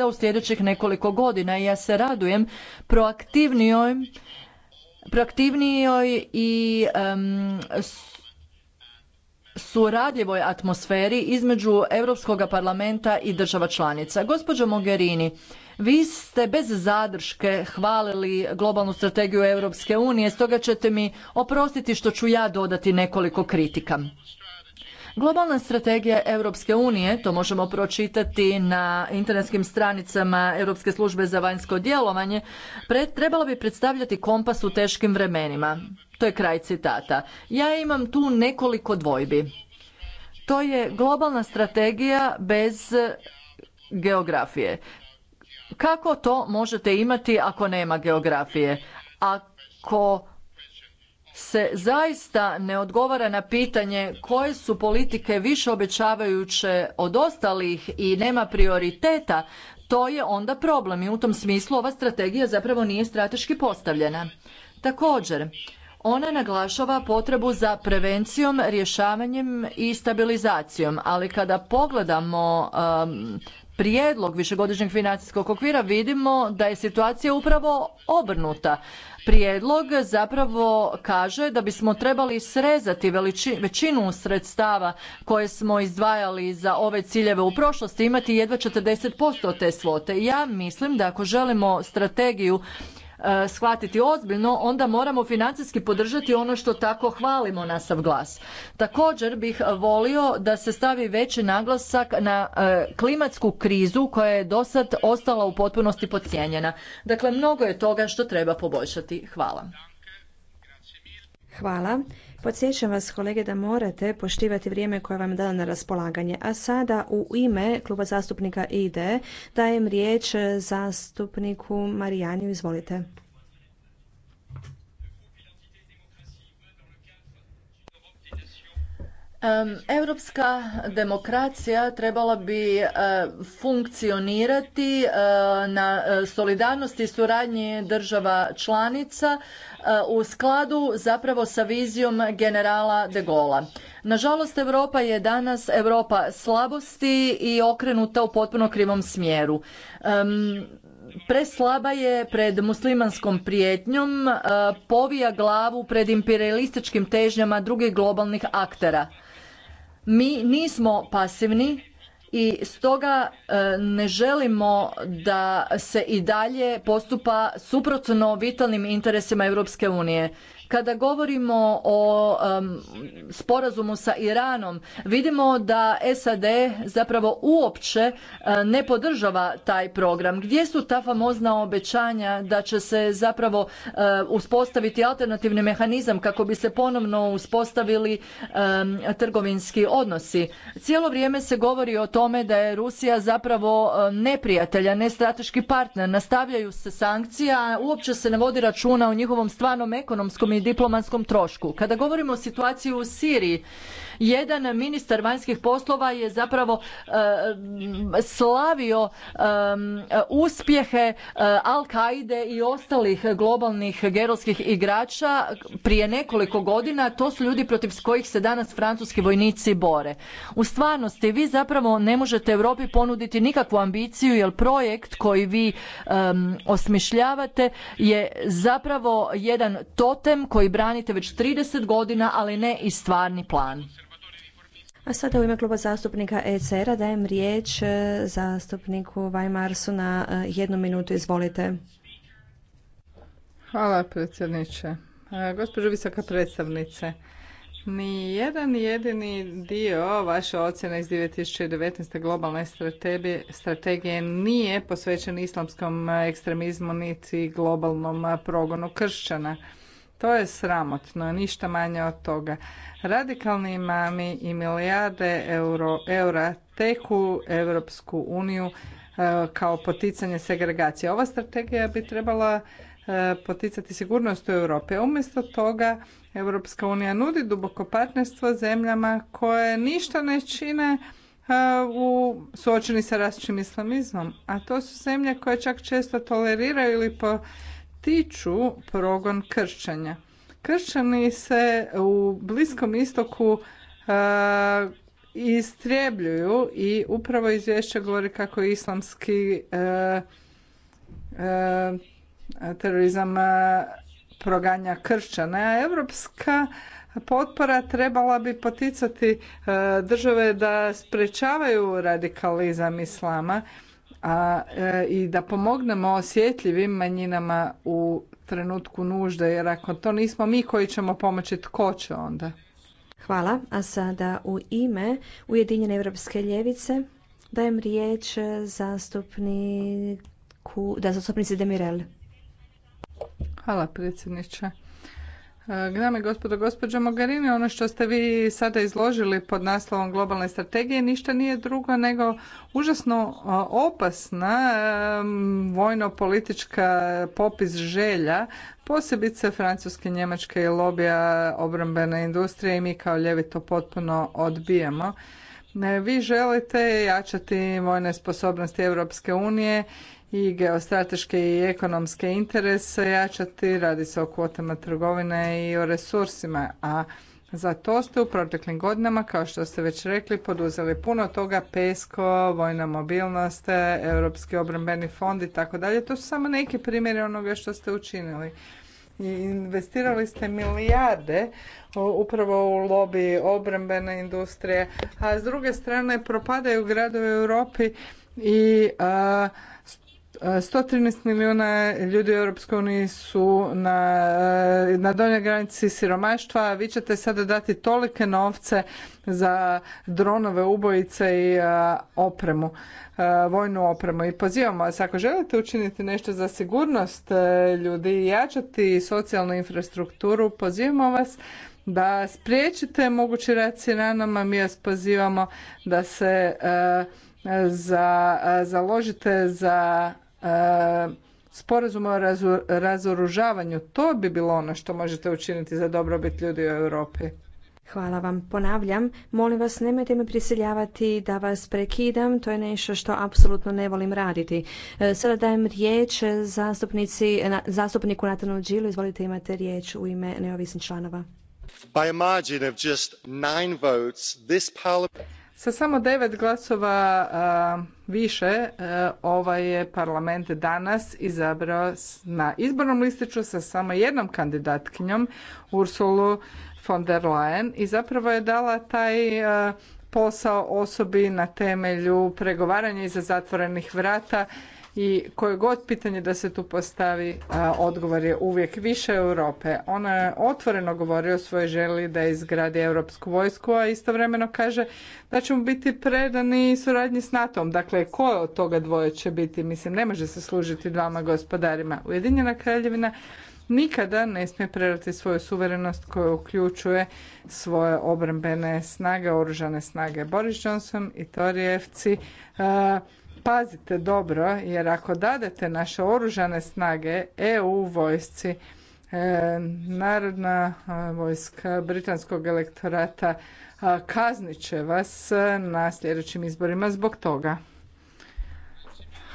da u sljedećih nekoliko godina ja se radujem proaktivnijoj proaktivnijoj i um, suradljivoj atmosferi između Europskog parlamenta i država članica. Gospođo Mogherini, vi ste bez zadrške hvalili globalnu strategiju Europske unije, stoga ćete mi oprostiti što ću ja dodati nekoliko kritika. Globalna strategija Europske unije, to možemo pročitati na internetskim stranicama Europske službe za vanjsko djelovanje, trebalo bi predstavljati kompas u teškim vremenima. To je kraj citata. Ja imam tu nekoliko dvojbi. To je globalna strategija bez geografije. Kako to možete imati ako nema geografije? Ako se zaista ne odgovara na pitanje koje su politike više obećavajuće od ostalih i nema prioriteta, to je onda problem i u tom smislu ova strategija zapravo nije strateški postavljena. Također, ona naglašava potrebu za prevencijom, rješavanjem i stabilizacijom, ali kada pogledamo um, prijedlog višegodišnjeg financijskog okvira vidimo da je situacija upravo obrnuta. Prijedlog zapravo kaže da bismo trebali srezati većinu sredstava koje smo izdvajali za ove ciljeve u prošlosti, imati jedva 40% te svote. Ja mislim da ako želimo strategiju E, shvatiti ozbiljno, onda moramo financijski podržati ono što tako hvalimo na sav glas. Također bih volio da se stavi veći naglasak na e, klimatsku krizu koja je dosad ostala u potpunosti podcijenjena. Dakle, mnogo je toga što treba poboljšati. Hvala. Hvala. Podsjećam vas kolege da morate poštivati vrijeme koje vam je dano na raspolaganje. A sada u ime kluba zastupnika IDE dajem riječ zastupniku Marijanu. Izvolite. Europska demokracija trebala bi eh, funkcionirati eh, na eh, solidarnosti i suradnji država članica u skladu zapravo sa vizijom generala de Gola. Nažalost, Europa je danas Europa slabosti i okrenuta u potpuno krivom smjeru. Preslaba je pred muslimanskom prijetnjom, povija glavu pred imperialističkim težnjama drugih globalnih aktera. Mi nismo pasivni i stoga e, ne želimo da se i dalje postupa suprotno vitalnim interesima Europske unije. Kada govorimo o sporazumu sa Iranom, vidimo da SAD zapravo uopće e, ne podržava taj program. Gdje su ta famozna obećanja da će se zapravo e, uspostaviti alternativni mehanizam kako bi se ponovno uspostavili trgovinski odnosi? Cijelo vrijeme se govori o tome da je Rusija zapravo e, neprijatelja, ne strateški partner. Nastavljaju se sankcije, a uopće se ne vodi računa o njihovom stvarnom ekonomskom diplomatskom trošku. Kada govorimo o situaciji u Siriji, jedan ministar vanjskih poslova je zapravo e, slavio e, uspjehe e, Al-Kaide i ostalih globalnih gerolskih igrača prije nekoliko godina. To su ljudi protiv kojih se danas francuski vojnici bore. U stvarnosti vi zapravo ne možete Europi ponuditi nikakvu ambiciju jer projekt koji vi osmišljavate je zapravo jedan totem koji branite već 30 godina, ali ne i stvarni plan. A sada u ime kluba zastupnika ECR-a dajem riječ e, zastupniku Vajmarsu na e, jednu minutu. Izvolite. Hvala predsjedniče. E, gospođo visoka predstavnice, ni jedan jedini dio vaše ocjene iz 2019. globalne strategije, strategije nije posvećen islamskom ekstremizmu niti globalnom progonu kršćana. To je sramotno, ništa manje od toga. Radikalni imami i milijarde euro, eura teku Europsku uniju e, kao poticanje segregacije. Ova strategija bi trebala e, poticati sigurnost u Europi. Umjesto toga Europska unija nudi duboko partnerstvo zemljama koje ništa ne čine e, u suočeni sa rastućim islamizmom, a to su zemlje koje čak često toleriraju ili po tiču progon kršćanja. Kršćani se u Bliskom istoku e, istrebljuju i upravo izvješće govori kako je islamski e, e, terorizam proganja kršćana. A europska potpora trebala bi poticati države da sprečavaju radikalizam islama a e, i da pomognemo osjetljivim manjinama u trenutku nužde, jer ako to nismo mi koji ćemo pomoći, tko će onda? Hvala. A sada u ime Ujedinjene Europske ljevice dajem riječ zastupniku, da zastupnici Demirel. Hvala predsjedniče. E, dame i gospodo, gospođo Mogherini, ono što ste vi sada izložili pod naslovom globalne strategije ništa nije drugo nego užasno e, opasna e, vojno-politička popis želja, posebice Francuske, Njemačke i lobija obrambene industrije i mi kao ljevi to potpuno odbijamo. Vi želite jačati vojne sposobnosti Europske unije i geostrateške i ekonomske interese jačati, radi se o kvotama trgovine i o resursima, a za to ste u proteklim godinama, kao što ste već rekli, poduzeli puno toga, PESCO, vojna mobilnost, Europski obrambeni fond i tako dalje. To su samo neki primjeri onoga što ste učinili. I investirali ste milijarde upravo u lobby obrambene industrije, a s druge strane propadaju gradovi u Europi i 113 milijuna ljudi u Europskoj uniji su na, e, na donjoj granici siromaštva, vi ćete sada dati tolike novce za dronove, ubojice i e, opremu, e, vojnu opremu. I pozivamo vas, ako želite učiniti nešto za sigurnost ljudi i jačati socijalnu infrastrukturu, pozivamo vas da spriječite mogući rad na nama. mi vas pozivamo da se založite za E, sporazum o razoružavanju. To bi bilo ono što možete učiniti za dobrobit ljudi u Europi. Hvala vam. Ponavljam, molim vas nemojte me prisiljavati da vas prekidam, to je nešto što apsolutno ne volim raditi. E, sada dajem riječ zastupnici, zastupniku Natanu Đilu, izvolite imate riječ u ime neovisnih članova. By a margin just nine sa samo devet glasova više ovaj je parlament danas izabrao na izbornom listiću sa samo jednom kandidatkinjom Ursulu von der Leyen i zapravo je dala taj posao osobi na temelju pregovaranja iza zatvorenih vrata i koje god pitanje da se tu postavi, odgovor je uvijek više Europe. Ona je otvoreno govorio o svojoj želi da izgradi europsku vojsku, a istovremeno kaže da mu biti predani suradnji s NATO-om. Dakle, ko od toga dvoje će biti? Mislim, ne može se služiti dvama gospodarima. Ujedinjena kraljevina nikada ne smije predati svoju suverenost koja uključuje svoje obrambene snage, oružane snage. Boris Johnson i Torijevci uh, pazite dobro jer ako dadete naše oružane snage EU vojsci, e, Narodna e, vojska Britanskog elektorata e, kaznit će vas na sljedećim izborima zbog toga.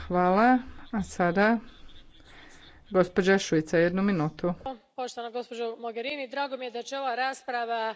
Hvala. A sada gospođa Šuica, jednu minutu. Poštovana gospođo Mogherini, drago mi je da će ova rasprava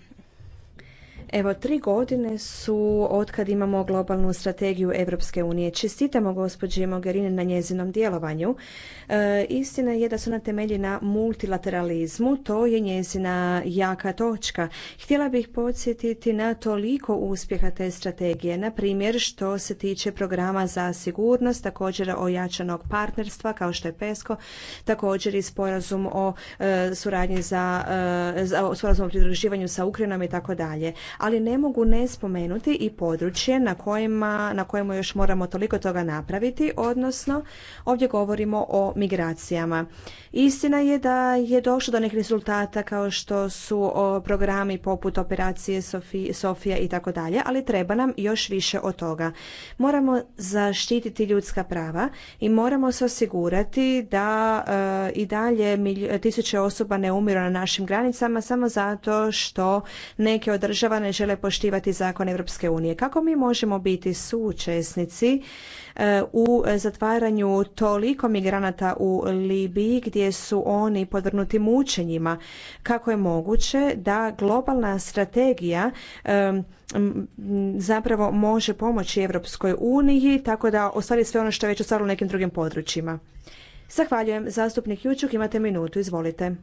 Evo, tri godine su otkad imamo globalnu strategiju Europske unije. Čestitamo gospođi Mogherini na njezinom djelovanju. E, istina je da su na temelji na multilateralizmu, to je njezina jaka točka. Htjela bih podsjetiti na toliko uspjeha te strategije, na primjer što se tiče programa za sigurnost, također ojačanog partnerstva kao što je PESCO, također i sporazum o e, suradnji za, e, za sporazum o pridruživanju sa Ukrajinom i tako dalje ali ne mogu ne spomenuti i područje na, kojima, na kojemu još moramo toliko toga napraviti, odnosno ovdje govorimo o migracijama. Istina je da je došlo do nekih rezultata kao što su programi poput operacije Sofija i tako dalje, ali treba nam još više od toga. Moramo zaštititi ljudska prava i moramo se osigurati da e, i dalje tisuće osoba ne umiru na našim granicama samo zato što neke od država žele poštivati zakon Europske unije. Kako mi možemo biti sučesnici e, u zatvaranju toliko migranata u Libiji gdje su oni podvrnuti mučenjima? Kako je moguće da globalna strategija e, zapravo može pomoći Europskoj uniji tako da ostvari sve ono što je već ostvarilo u nekim drugim područjima? Zahvaljujem. Zastupnik Jučuk, imate minutu. Izvolite.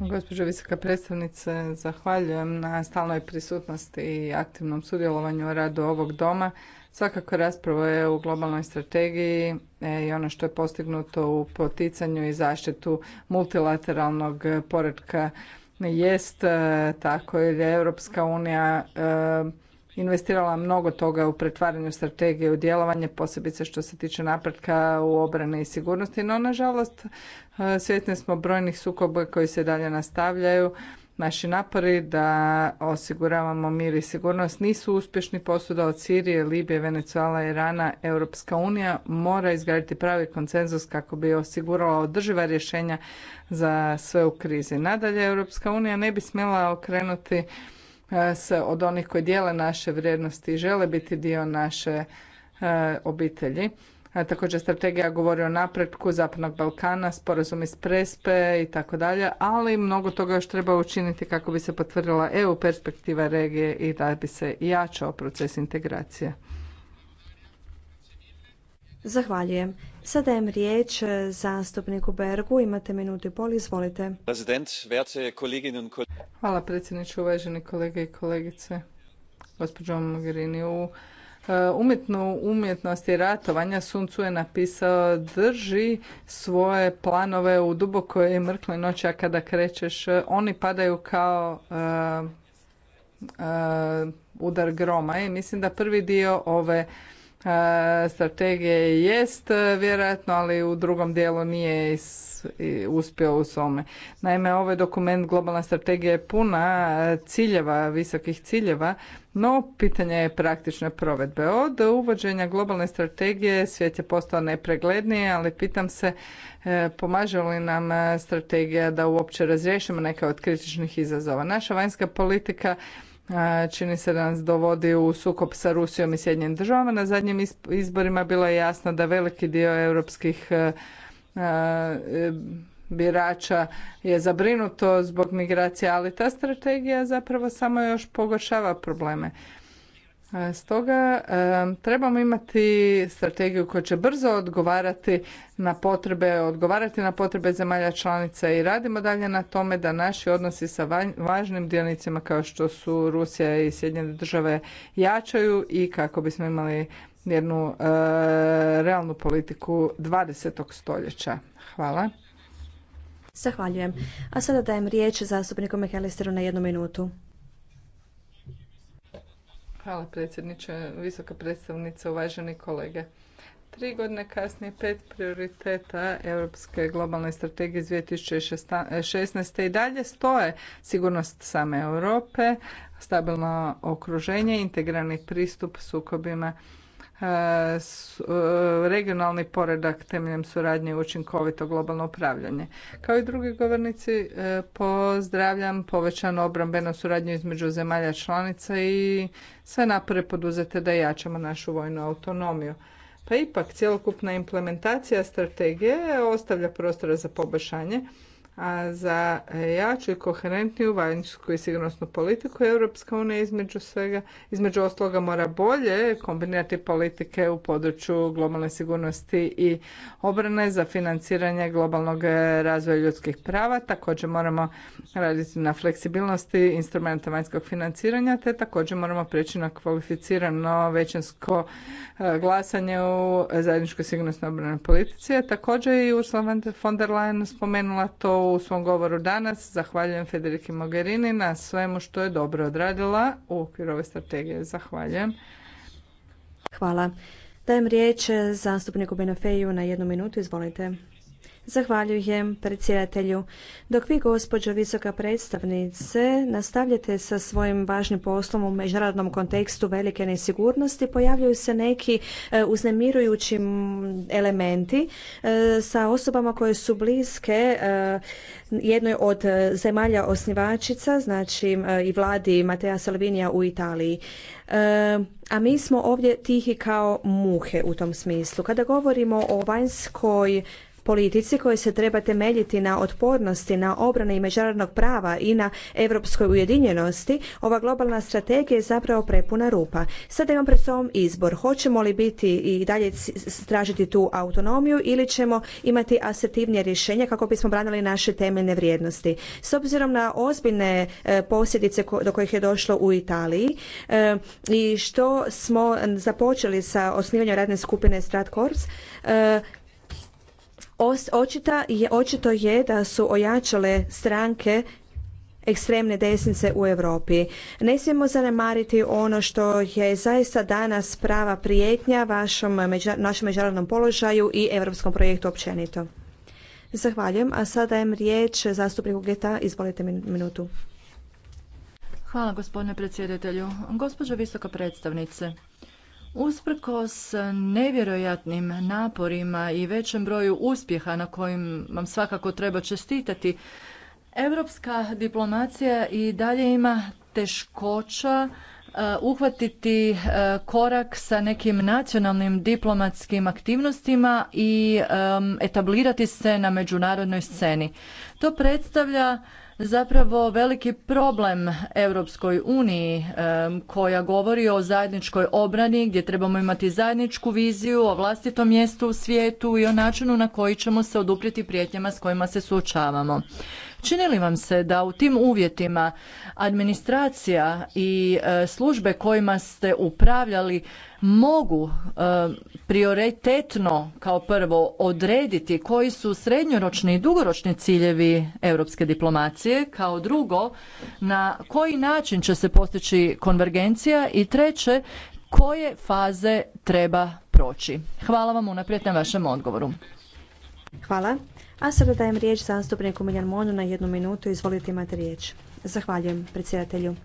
Gospođo visoka predstavnice, zahvaljujem na stalnoj prisutnosti i aktivnom sudjelovanju u radu ovog doma. Svakako rasprava je u globalnoj strategiji e, i ono što je postignuto u poticanju i zaštitu multilateralnog poretka jest e, tako jer je Europska unija e, investirala mnogo toga u pretvaranju strategije u djelovanje, posebice što se tiče napretka u obrane i sigurnosti, no nažalost e, svjesni smo brojnih sukoba koji se dalje nastavljaju. Naši napori da osiguravamo mir i sigurnost nisu uspješni posuda od Sirije, Libije, Venezuela, Irana. Europska unija mora izgraditi pravi konsenzus kako bi osigurala održiva rješenja za sve u krizi. Nadalje, Europska unija ne bi smjela okrenuti E, od onih koji dijele naše vrijednosti i žele biti dio naše e, obitelji. E, također strategija govori o napretku Zapadnog Balkana, sporazum iz Prespe i tako dalje, ali mnogo toga još treba učiniti kako bi se potvrdila EU perspektiva regije i da bi se jačao proces integracije. Zahvaljujem. Sada je riječ zastupniku Bergu. Imate minutu i pol, izvolite. Hvala predsjedniče, uvaženi kolege i kolegice. Gospođo Mogherini, u eh, umjetnu umjetnosti ratovanja Suncu je napisao drži svoje planove u dubokoj i mrkloj noći, a kada krećeš oni padaju kao uh, udar groma i mislim da prvi dio ove strategije jest e, vjerojatno, ali u drugom dijelu nije uspio u svome. Naime, ovaj dokument globalna strategija je puna e, ciljeva, visokih ciljeva, no pitanje je praktične provedbe. Od uvođenja globalne strategije svijet je postao nepregledniji, ali pitam se e, pomaže li nam strategija da uopće razriješimo neke od kritičnih izazova. Naša vanjska politika čini se da nas dovodi u sukob sa Rusijom i Sjedinjenim državama. Na zadnjim izborima bilo je jasno da veliki dio europskih e, e, birača je zabrinuto zbog migracija, ali ta strategija zapravo samo još pogoršava probleme. Stoga trebamo imati strategiju koja će brzo odgovarati na potrebe, odgovarati na potrebe zemalja članica i radimo dalje na tome da naši odnosi sa važnim dionicima kao što su Rusija i Sjedinjene države jačaju i kako bismo imali jednu realnu politiku 20. stoljeća. Hvala. Zahvaljujem. A sada dajem riječ zastupniku Mihajlisteru na jednu minutu. Hvala predsjedniče, visoka predstavnica, uvaženi kolege. Tri godine kasnije pet prioriteta Europske globalne strategije iz 2016. i dalje stoje sigurnost same Europe, stabilno okruženje, integralni pristup sukobima E, e, regionalni poredak temeljem suradnje i učinkovito globalno upravljanje. Kao i drugi govornici, e, pozdravljam povećanu obrambenu suradnju između zemalja članica i sve napore poduzete da jačamo našu vojnu autonomiju. Pa ipak, cjelokupna implementacija strategije ostavlja prostora za poboljšanje a za jaču i koherentniju vanjsku i sigurnosnu politiku Europska unija između svega, između ostaloga mora bolje kombinirati politike u području globalne sigurnosti i obrane za financiranje globalnog razvoja ljudskih prava. Također moramo raditi na fleksibilnosti instrumenta vanjskog financiranja, te također moramo prijeći na kvalificirano većinsko e, glasanje u zajedničkoj sigurnosnoj obrane politici. također i Ursula von der Leyen spomenula to u svom govoru danas. Zahvaljujem Federiki Mogherini na svemu što je dobro odradila u okviru ove strategije. Zahvaljujem. Hvala. Dajem riječ zastupniku Benafeju na jednu minutu. Izvolite. Zahvaljujem predsjedatelju. Dok vi, gospođo visoka predstavnice, nastavljate sa svojim važnim poslom u međunarodnom kontekstu velike nesigurnosti, pojavljuju se neki e, uznemirujući elementi e, sa osobama koje su bliske e, jednoj od zemalja osnivačica, znači i vladi Matea Salvinija u Italiji. A mi smo ovdje tihi kao muhe u tom smislu. Kada govorimo o vanjskoj politici koje se treba temeljiti na otpornosti, na obrani i međunarodnog prava i na europskoj ujedinjenosti, ova globalna strategija je zapravo prepuna rupa. Sada imam pred sobom izbor. Hoćemo li biti i dalje stražiti tu autonomiju ili ćemo imati asertivnije rješenje kako bismo branili naše temeljne vrijednosti. S obzirom na ozbiljne e, posljedice do kojih je došlo u Italiji e, i što smo započeli sa osnivanjem radne skupine Stratkorps, e, Očita je, očito je da su ojačale stranke ekstremne desnice u Europi. Ne smijemo zanemariti ono što je zaista danas prava prijetnja našem međunarodnom položaju i europskom projektu općenito. Zahvaljujem, a sada je riječ zastupniku Geta, izvolite minutu. Hvala gospodine predsjedatelju. Gospođo visoka predstavnice, Usprkos nevjerojatnim naporima i većem broju uspjeha na kojim vam svakako treba čestitati, europska diplomacija i dalje ima teškoća e, uhvatiti e, korak sa nekim nacionalnim diplomatskim aktivnostima i e, etablirati se na međunarodnoj sceni. To predstavlja zapravo veliki problem Europskoj uniji koja govori o zajedničkoj obrani gdje trebamo imati zajedničku viziju o vlastitom mjestu u svijetu i o načinu na koji ćemo se oduprijeti prijetnjama s kojima se suočavamo. Čini li vam se da u tim uvjetima administracija i e, službe kojima ste upravljali mogu e, prioritetno kao prvo odrediti koji su srednjoročni i dugoročni ciljevi europske diplomacije, kao drugo na koji način će se postići konvergencija i treće koje faze treba proći. Hvala vam unaprijed na vašem odgovoru. Hvala. A sada dajem riječ zastupniku Miljan Monu na jednu minutu. Izvolite imate riječ. Zahvaljujem predsjedatelju.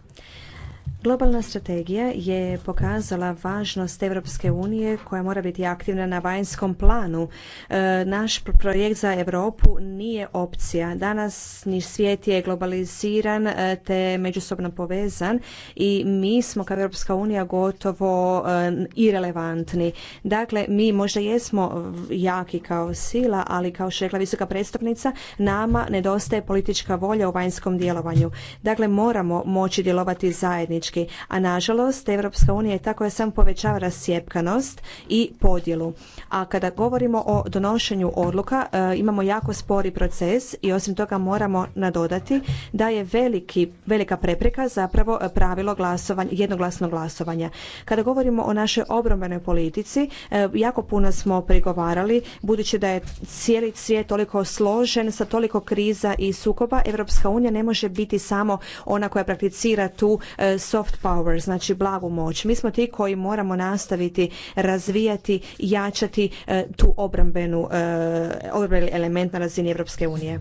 Globalna strategija je pokazala važnost Europske unije koja mora biti aktivna na vanjskom planu. E, naš projekt za Europu nije opcija. Danas ni svijet je globaliziran e, te međusobno povezan i mi smo kao Europska unija gotovo e, irelevantni. Dakle, mi možda jesmo jaki kao sila, ali kao što rekla visoka predstavnica, nama nedostaje politička volja u vanjskom djelovanju. Dakle, moramo moći djelovati zajednički politički, A nažalost, Europska unija je tako koja sam povećava rasjepkanost i podjelu. A kada govorimo o donošenju odluka, e, imamo jako spori proces i osim toga moramo nadodati da je veliki, velika prepreka zapravo pravilo glasovanja, jednoglasnog glasovanja. Kada govorimo o našoj obrambenoj politici, e, jako puno smo pregovarali, budući da je cijeli svijet toliko složen, sa toliko kriza i sukoba, Europska unija ne može biti samo ona koja prakticira tu so e, soft power, znači blagu moć. Mi smo ti koji moramo nastaviti razvijati jačati e, tu obrambenu e, obrambeni element na razini Europske unije.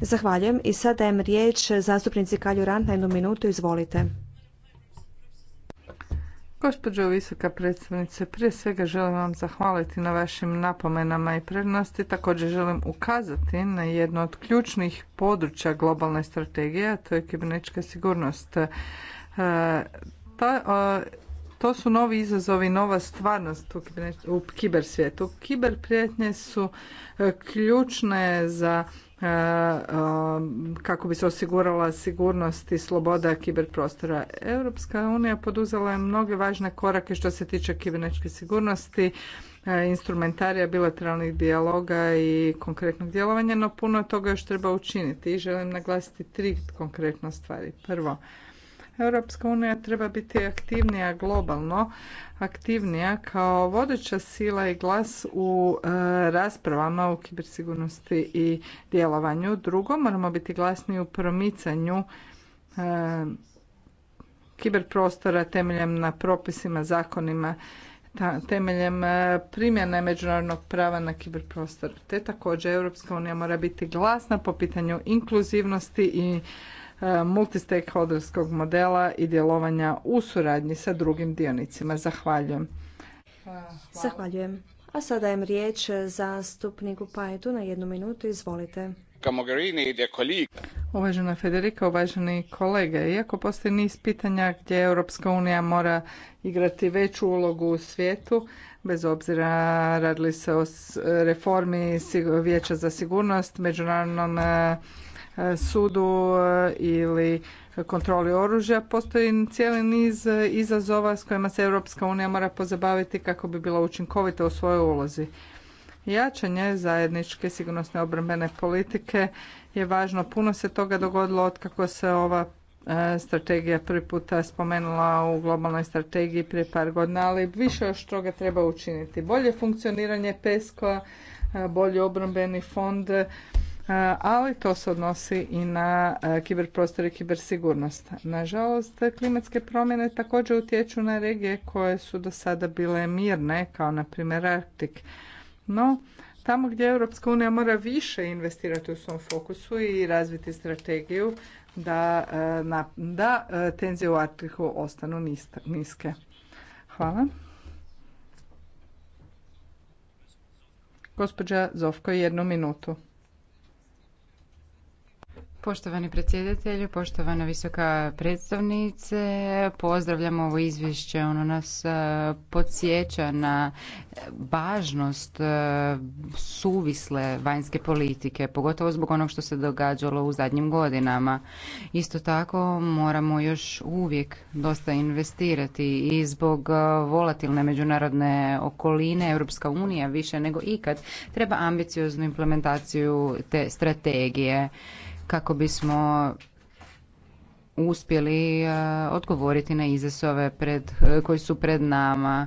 Zahvaljujem i sad dajem riječ zastupnici Kalju Rant na jednu minutu, izvolite. Gospođo visoka predstavnice, prije svega želim vam zahvaliti na vašim napomenama i prednosti. Također želim ukazati na jedno od ključnih područja globalne strategije, a to je kibernetička sigurnost. E, pa, to su novi izazovi, nova stvarnost u kiber svijetu. Kiber prijetnje su e, ključne za e, kako bi se osigurala sigurnost i sloboda kiberprostora. Europska unija poduzela je mnoge važne korake što se tiče kibernetičke sigurnosti, instrumentarija, bilateralnih dijaloga i konkretnog djelovanja, no puno toga još treba učiniti i želim naglasiti tri konkretne stvari. Prvo, Europska unija treba biti aktivnija globalno, aktivnija kao vodeća sila i glas u e, raspravama u kibersigurnosti i djelovanju. Drugo, moramo biti glasni u promicanju e, kiberprostora temeljem na propisima, zakonima, temeljem e, primjene međunarodnog prava na kiberprostor. Te također Europska unija mora biti glasna po pitanju inkluzivnosti i E, multistakeholderskog modela i djelovanja u suradnji sa drugim dionicima. Zahvaljujem. Zahvaljujem. A sada dajem riječ zastupniku Pajetu na jednu minutu. Izvolite. Uvažena Federika, uvaženi kolege, iako postoji niz pitanja gdje Europska unija mora igrati veću ulogu u svijetu, bez obzira radili se o reformi Vijeća za sigurnost, međunarodnom e, E, sudu e, ili kontroli oružja. Postoji cijeli niz izazova s kojima se Europska unija mora pozabaviti kako bi bila učinkovita u svojoj ulozi. Jačanje zajedničke sigurnosne obrambene politike je važno. Puno se toga dogodilo otkako se ova e, strategija prvi puta spomenula u globalnoj strategiji prije par godina, ali više još toga treba učiniti. Bolje funkcioniranje PESCO-a, bolji obrambeni fond, E, ali to se odnosi i na e, kiberprostor i kibersigurnost. Nažalost, klimatske promjene također utječu na regije koje su do sada bile mirne, kao na primjer Arktik. No, tamo gdje Europska unija mora više investirati u svom fokusu i razviti strategiju da, e, da tenzije u Arktiku ostanu niske. Hvala. Gospođa Zovko, jednu minutu. Poštovani predsjedatelju, poštovana visoka predstavnice, pozdravljam ovo izvješće. Ono nas e, podsjeća na važnost e, suvisle vanjske politike, pogotovo zbog onog što se događalo u zadnjim godinama. Isto tako moramo još uvijek dosta investirati i zbog e, volatilne međunarodne okoline Europska unija više nego ikad treba ambicioznu implementaciju te strategije kako bismo uspjeli e, odgovoriti na izazove pred, e, koji su pred nama.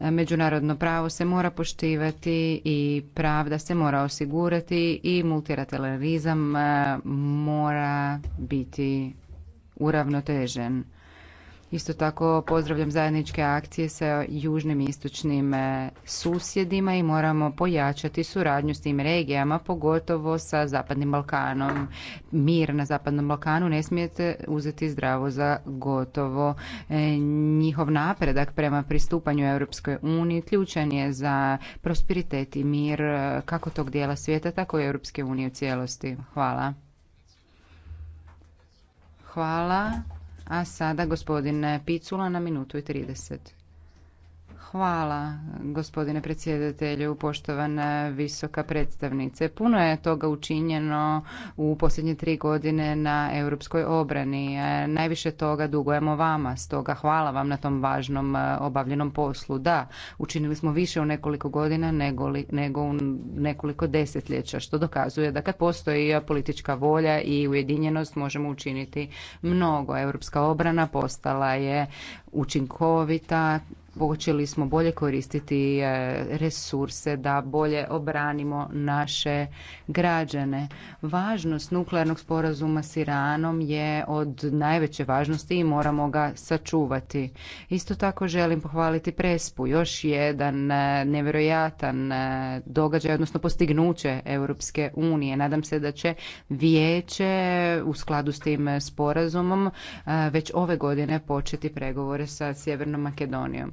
E, međunarodno pravo se mora poštivati i pravda se mora osigurati i multilateralizam mora biti uravnotežen. Isto tako pozdravljam zajedničke akcije sa južnim i istočnim e, susjedima i moramo pojačati suradnju s tim regijama, pogotovo sa Zapadnim Balkanom. Mir na Zapadnom Balkanu ne smijete uzeti zdravo za gotovo. E, njihov napredak prema pristupanju Europskoj uniji ključan je za prosperitet i mir e, kako tog dijela svijeta, tako i Europske unije u cijelosti. Hvala. Hvala. A sada gospodine Picula na minutu i 30. Hvala, gospodine predsjedatelju, poštovana visoka predstavnice. Puno je toga učinjeno u posljednje tri godine na europskoj obrani. Najviše toga dugujemo vama, stoga hvala vam na tom važnom e, obavljenom poslu. Da, učinili smo više u nekoliko godina nego, nego u nekoliko desetljeća, što dokazuje da kad postoji politička volja i ujedinjenost možemo učiniti mnogo. Europska obrana postala je učinkovita, Počeli smo bolje koristiti e, resurse da bolje obranimo naše građane. Važnost nuklearnog sporazuma s Iranom je od najveće važnosti i moramo ga sačuvati. Isto tako želim pohvaliti Prespu, još jedan e, nevjerojatan e, događaj, odnosno postignuće Europske unije. Nadam se da će vijeće u skladu s tim sporazumom već ove godine početi pregovore sa Sjevernom Makedonijom.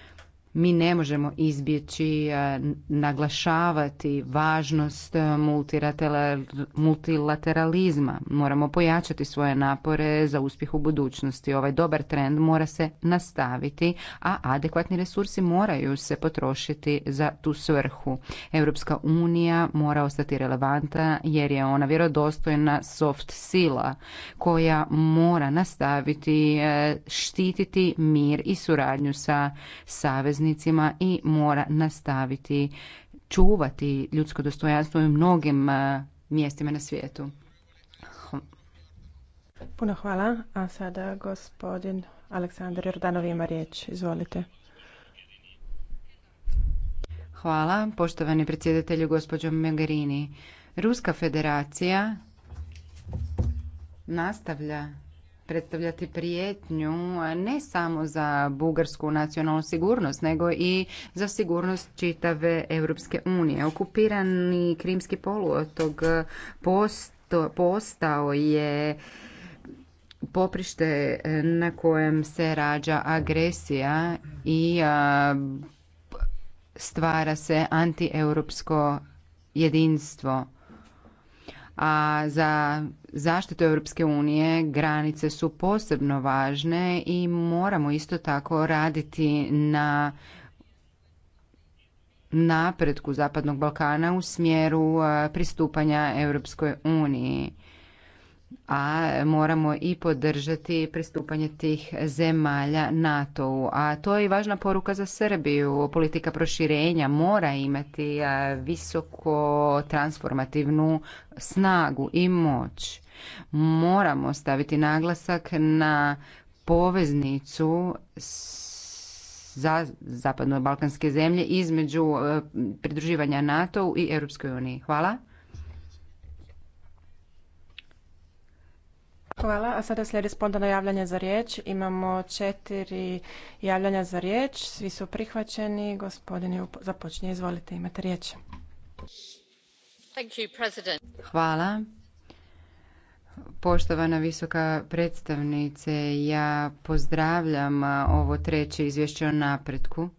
mi ne možemo izbjeći e, naglašavati važnost e, multilateralizma. Moramo pojačati svoje napore za uspjeh u budućnosti. Ovaj dobar trend mora se nastaviti, a adekvatni resursi moraju se potrošiti za tu svrhu. Europska unija mora ostati relevanta jer je ona vjerodostojna soft sila koja mora nastaviti e, štititi mir i suradnju sa savez saveznicima i mora nastaviti čuvati ljudsko dostojanstvo u mnogim e, mjestima na svijetu. Puno hvala. A sada gospodin Aleksandar Jordanov ima riječ. Izvolite. Hvala, poštovani predsjedatelju gospođo Megarini. Ruska federacija nastavlja predstavljati prijetnju ne samo za bugarsku nacionalnu sigurnost, nego i za sigurnost čitave Europske unije. Okupirani krimski poluotok posto, postao je poprište na kojem se rađa agresija i stvara se antieuropsko jedinstvo a za zaštitu Europske unije granice su posebno važne i moramo isto tako raditi na napretku Zapadnog Balkana u smjeru pristupanja Europskoj uniji a moramo i podržati pristupanje tih zemalja NATO-u. A to je i važna poruka za Srbiju. Politika proširenja mora imati visoko transformativnu snagu i moć. Moramo staviti naglasak na poveznicu za zapadno-balkanske zemlje između pridruživanja NATO-u i Europskoj uniji. Hvala. Hvala, a sada slijedi spontano javljanje za riječ. Imamo četiri javljanja za riječ, svi su prihvaćeni. Gospodin započinje, izvolite, imate riječ. Thank you, Hvala. Poštovana visoka predstavnice, ja pozdravljam ovo treće izvješće o napretku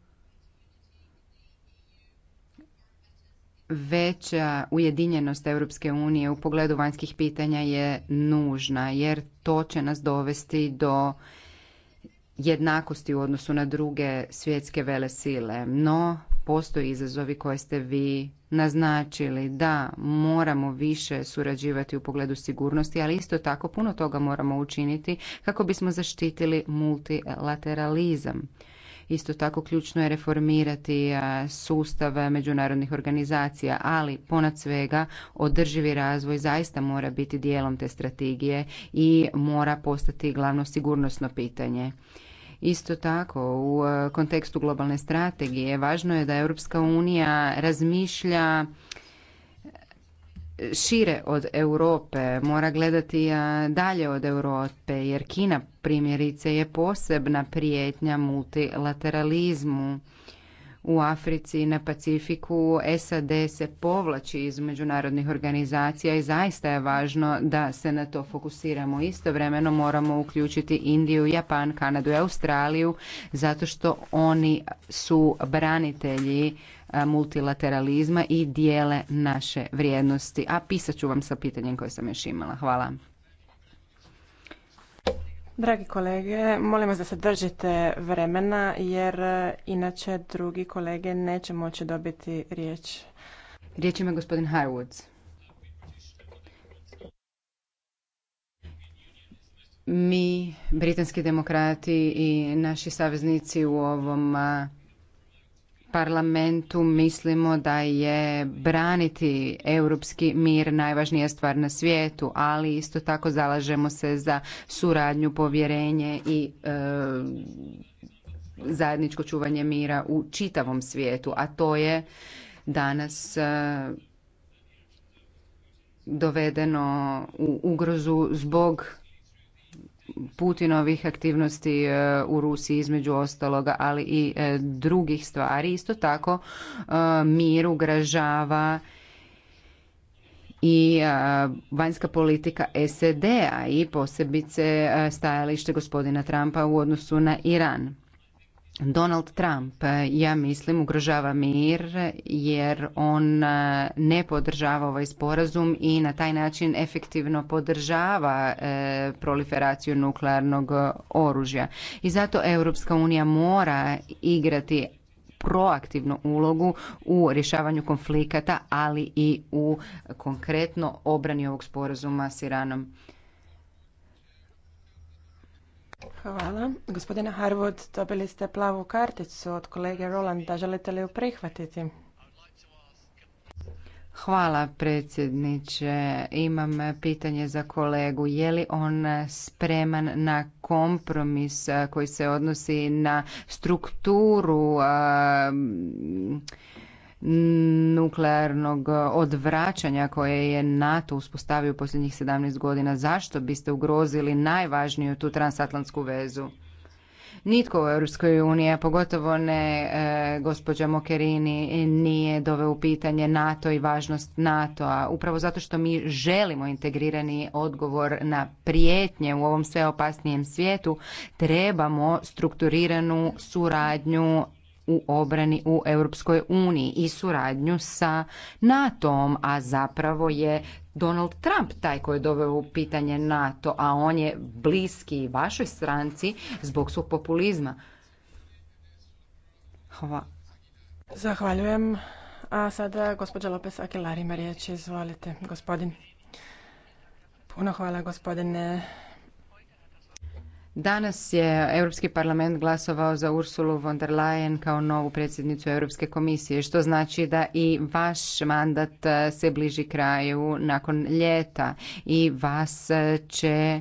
veća ujedinjenost Europske unije u pogledu vanjskih pitanja je nužna jer to će nas dovesti do jednakosti u odnosu na druge svjetske velesile. No, postoje izazovi koje ste vi naznačili da moramo više surađivati u pogledu sigurnosti, ali isto tako puno toga moramo učiniti kako bismo zaštitili multilateralizam. Isto tako ključno je reformirati sustav međunarodnih organizacija, ali ponad svega održivi razvoj zaista mora biti dijelom te strategije i mora postati glavno sigurnosno pitanje. Isto tako, u kontekstu globalne strategije važno je da Europska unija razmišlja šire od Europe, mora gledati dalje od Europe, jer Kina primjerice je posebna prijetnja multilateralizmu. U Africi i na Pacifiku SAD se povlači iz međunarodnih organizacija i zaista je važno da se na to fokusiramo. Istovremeno moramo uključiti Indiju, Japan, Kanadu i Australiju zato što oni su branitelji E, multilateralizma i dijele naše vrijednosti. A pisat ću vam sa pitanjem koje sam još imala. Hvala. Dragi kolege, molim vas da se držite vremena jer e, inače drugi kolege neće moći dobiti riječ. Riječ ima gospodin Harwoods. Mi, britanski demokrati i naši saveznici u ovom parlamentu mislimo da je braniti europski mir najvažnija stvar na svijetu, ali isto tako zalažemo se za suradnju, povjerenje i e, zajedničko čuvanje mira u čitavom svijetu, a to je danas e, dovedeno u ugrozu zbog Putinovih aktivnosti e, u Rusiji između ostaloga, ali i e, drugih stvari. Isto tako e, mir ugražava i vanjska politika SED-a i posebice stajalište gospodina Trumpa u odnosu na Iran. Donald Trump, ja mislim, ugrožava mir jer on eh, ne podržava ovaj sporazum i na taj način efektivno podržava eh, proliferaciju nuklearnog eh, oružja. I zato Europska unija mora igrati proaktivnu ulogu u rješavanju konflikata, ali i u konkretno obrani ovog sporazuma s Iranom. Hvala. Gospodine Harwood, dobili ste plavu karticu od kolege Rolanda. Želite li ju prihvatiti? Hvala predsjedniče. Imam pitanje za kolegu. Je li on spreman na kompromis koji se odnosi na strukturu uh, nuklearnog odvraćanja koje je NATO uspostavio posljednjih 17 godina. Zašto biste ugrozili najvažniju tu transatlantsku vezu? Nitko u Europskoj uniji, a pogotovo ne e, gospođa Mokerini, nije doveo u pitanje NATO i važnost NATO-a. Upravo zato što mi želimo integrirani odgovor na prijetnje u ovom sve opasnijem svijetu, trebamo strukturiranu suradnju u obrani u Europskoj uniji i suradnju sa NATO-om, a zapravo je Donald Trump taj koji je doveo u pitanje NATO, a on je bliski vašoj stranci zbog svog populizma. Hvala. Zahvaljujem. A sada gospođa Lopez Akelarima ima riječ. Izvolite, gospodin. Puno hvala, gospodine Danas je Europski parlament glasovao za Ursulu von der Leyen kao novu predsjednicu Europske komisije, što znači da i vaš mandat eh, se bliži kraju nakon ljeta i vas eh, će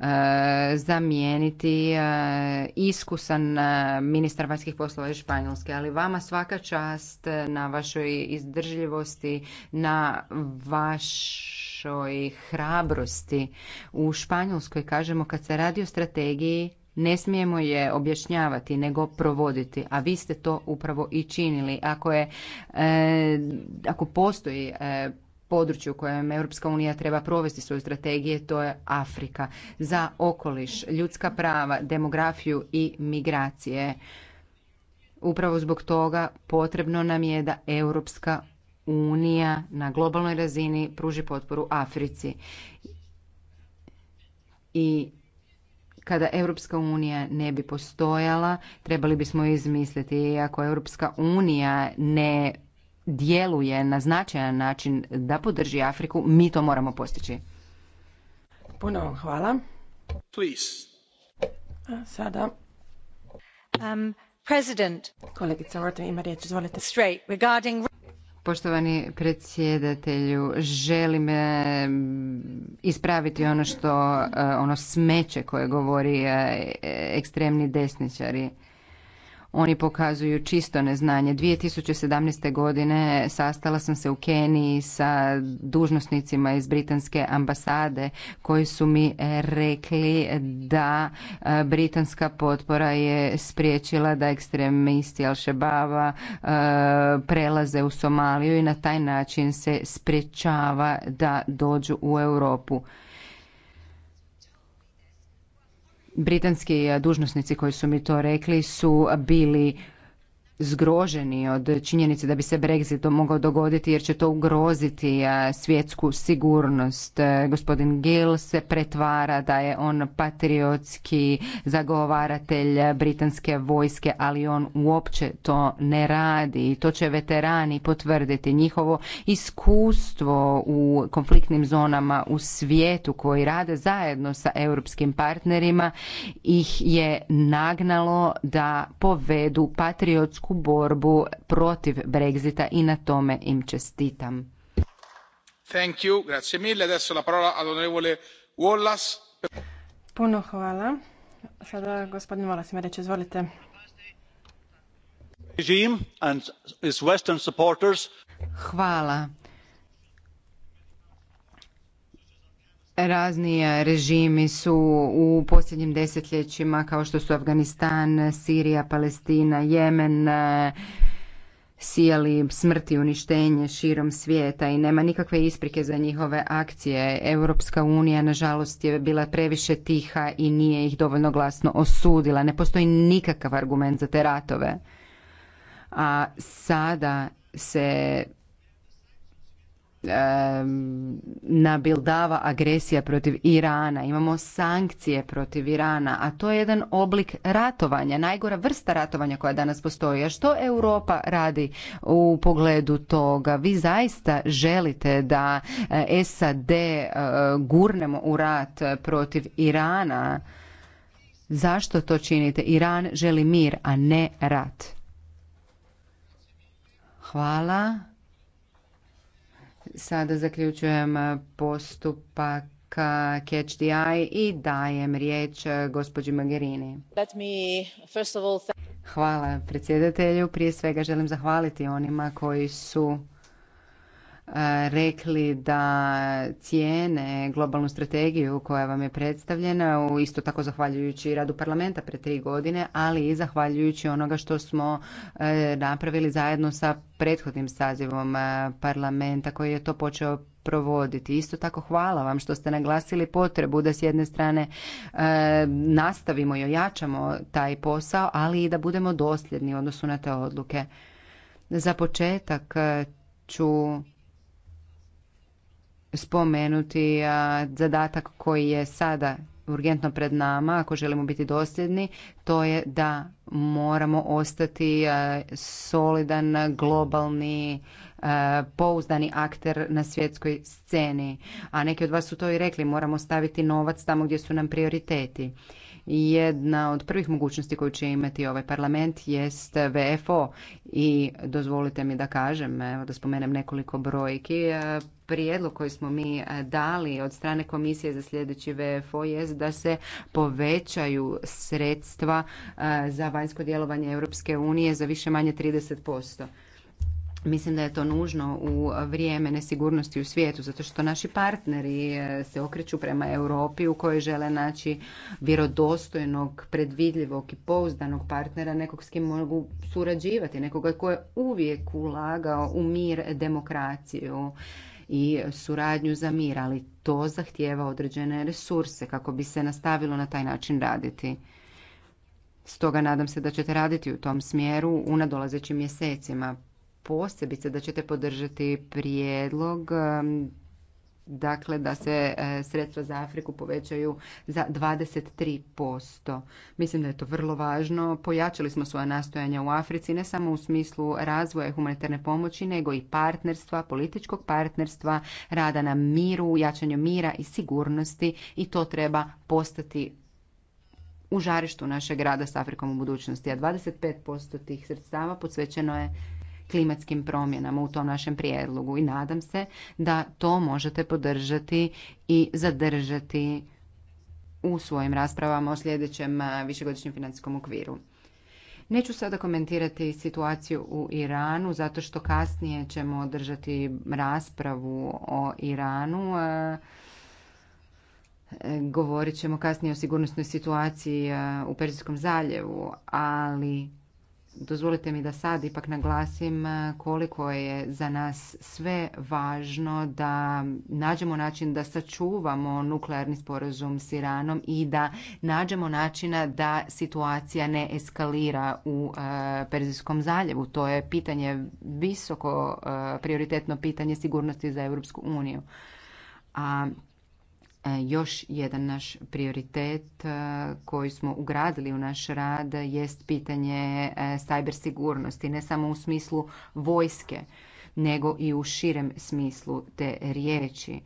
Eh, zamijeniti eh, iskusan eh, ministar vanjskih poslova iz Španjolske, ali vama svaka čast na vašoj izdržljivosti, na vašoj hrabrosti. U Španjolskoj kažemo kad se radi o strategiji ne smijemo je objašnjavati nego provoditi, a vi ste to upravo i činili. Ako je ako postoji Području u kojem Europska unija treba provesti svoje strategije, to je Afrika. Za okoliš, ljudska prava, demografiju i migracije. Upravo zbog toga potrebno nam je da Europska unija na globalnoj razini pruži potporu Africi. I kada Europska unija ne bi postojala, trebali bismo izmisliti, ako Europska unija ne djeluje na značajan način da podrži Afriku, mi to moramo postići. Puno vam hvala. Please. sada. Um, president. Kolegica ima riječ, izvolite. Straight, regarding... Poštovani predsjedatelju, želim eh, ispraviti ono što, eh, ono smeće koje govori eh, ekstremni desničari oni pokazuju čisto neznanje. 2017. godine sastala sam se u Keniji sa dužnosnicima iz britanske ambasade koji su mi rekli da e, britanska potpora je spriječila da ekstremisti Alšebava e, prelaze u Somaliju i na taj način se spriječava da dođu u Europu. britanski dužnosnici koji su mi to rekli su bili zgroženi od činjenice da bi se Brexit mogao dogoditi jer će to ugroziti e, svjetsku sigurnost. E, gospodin Gill se pretvara da je on patriotski zagovaratelj britanske vojske, ali on uopće to ne radi i to će veterani potvrditi. Njihovo iskustvo u konfliktnim zonama u svijetu koji rade zajedno sa europskim partnerima ih je nagnalo da povedu patriotsku u borbu protiv Brexita i na tome im čestitam. Thank you. Grazie mille. Adesso la parola Wallace. Puno hvala. Sada gospodin Wallace ima reći, izvolite. Hvala. Razni režimi su u posljednjim desetljećima kao što su Afganistan, Sirija, Palestina, Jemen eh, sijali smrt i uništenje širom svijeta i nema nikakve isprike za njihove akcije. Europska unija nažalost je bila previše tiha i nije ih dovoljno glasno osudila. Ne postoji nikakav argument za te ratove. A sada se nabildava agresija protiv Irana, imamo sankcije protiv Irana, a to je jedan oblik ratovanja, najgora vrsta ratovanja koja danas postoji. A što Europa radi u pogledu toga? Vi zaista želite da e, SAD e, gurnemo u rat protiv Irana? Zašto to činite? Iran želi mir, a ne rat. Hvala. Sada zaključujem postupak eh, Catch the Eye i dajem riječ eh, gospođi Magherini. Hvala predsjedatelju. Prije svega želim zahvaliti onima koji su rekli da cijene globalnu strategiju koja vam je predstavljena, isto tako zahvaljujući radu parlamenta pre tri godine, ali i zahvaljujući onoga što smo e, napravili zajedno sa prethodnim sazivom e, parlamenta koji je to počeo provoditi. Isto tako hvala vam što ste naglasili potrebu da s jedne strane e, nastavimo i ojačamo taj posao, ali i da budemo dosljedni u odnosu na te odluke. Za početak ću spomenuti zadatak koji je sada urgentno pred nama, ako želimo biti dosljedni, to je da moramo ostati solidan, globalni, pouzdani akter na svjetskoj sceni. A neki od vas su to i rekli, moramo staviti novac tamo gdje su nam prioriteti. Jedna od prvih mogućnosti koju će imati ovaj parlament jest VFO i dozvolite mi da kažem, evo da spomenem nekoliko brojki, prijedlog koji smo mi dali od strane komisije za sljedeći VFO jest da se povećaju sredstva e, za vanjsko djelovanje Europske unije za više manje 30%. Mislim da je to nužno u vrijeme nesigurnosti u svijetu, zato što naši partneri eh, se okreću prema Europi u kojoj žele naći vjerodostojnog, predvidljivog i pouzdanog partnera, nekog s kim mogu surađivati, nekoga tko je uvijek ulagao u mir, demokraciju i suradnju za mir, ali to zahtijeva određene resurse kako bi se nastavilo na taj način raditi. Stoga nadam se da ćete raditi u tom smjeru u nadolazećim mjesecima posebice da ćete podržati prijedlog um, dakle da se uh, sredstva za Afriku povećaju za 23%. Mislim da je to vrlo važno. Pojačali smo svoje nastojanja u Africi ne samo u smislu razvoja humanitarne pomoći, nego i partnerstva, političkog partnerstva, rada na miru, jačanju mira i sigurnosti i to treba postati u žarištu našeg rada s Afrikom u budućnosti, a 25% tih sredstava posvećeno je klimatskim promjenama u tom našem prijedlogu i nadam se da to možete podržati i zadržati u svojim raspravama o sljedećem višegodišnjem financijskom okviru. Neću sada komentirati situaciju u Iranu, zato što kasnije ćemo održati raspravu o Iranu. E, govorit ćemo kasnije o sigurnosnoj situaciji u Perzijskom zaljevu, ali Dozvolite mi da sad ipak naglasim e, koliko je za nas sve važno da nađemo način da sačuvamo nuklearni sporazum s Iranom i da nađemo načina da situacija ne eskalira u e, Perzijskom zaljevu. To je pitanje visoko e, prioritetno pitanje sigurnosti za Europsku uniju. A E, još jedan naš prioritet e, koji smo ugradili u naš rad jest pitanje e, cyber sigurnosti, ne samo u smislu vojske, nego i u širem smislu te riječi.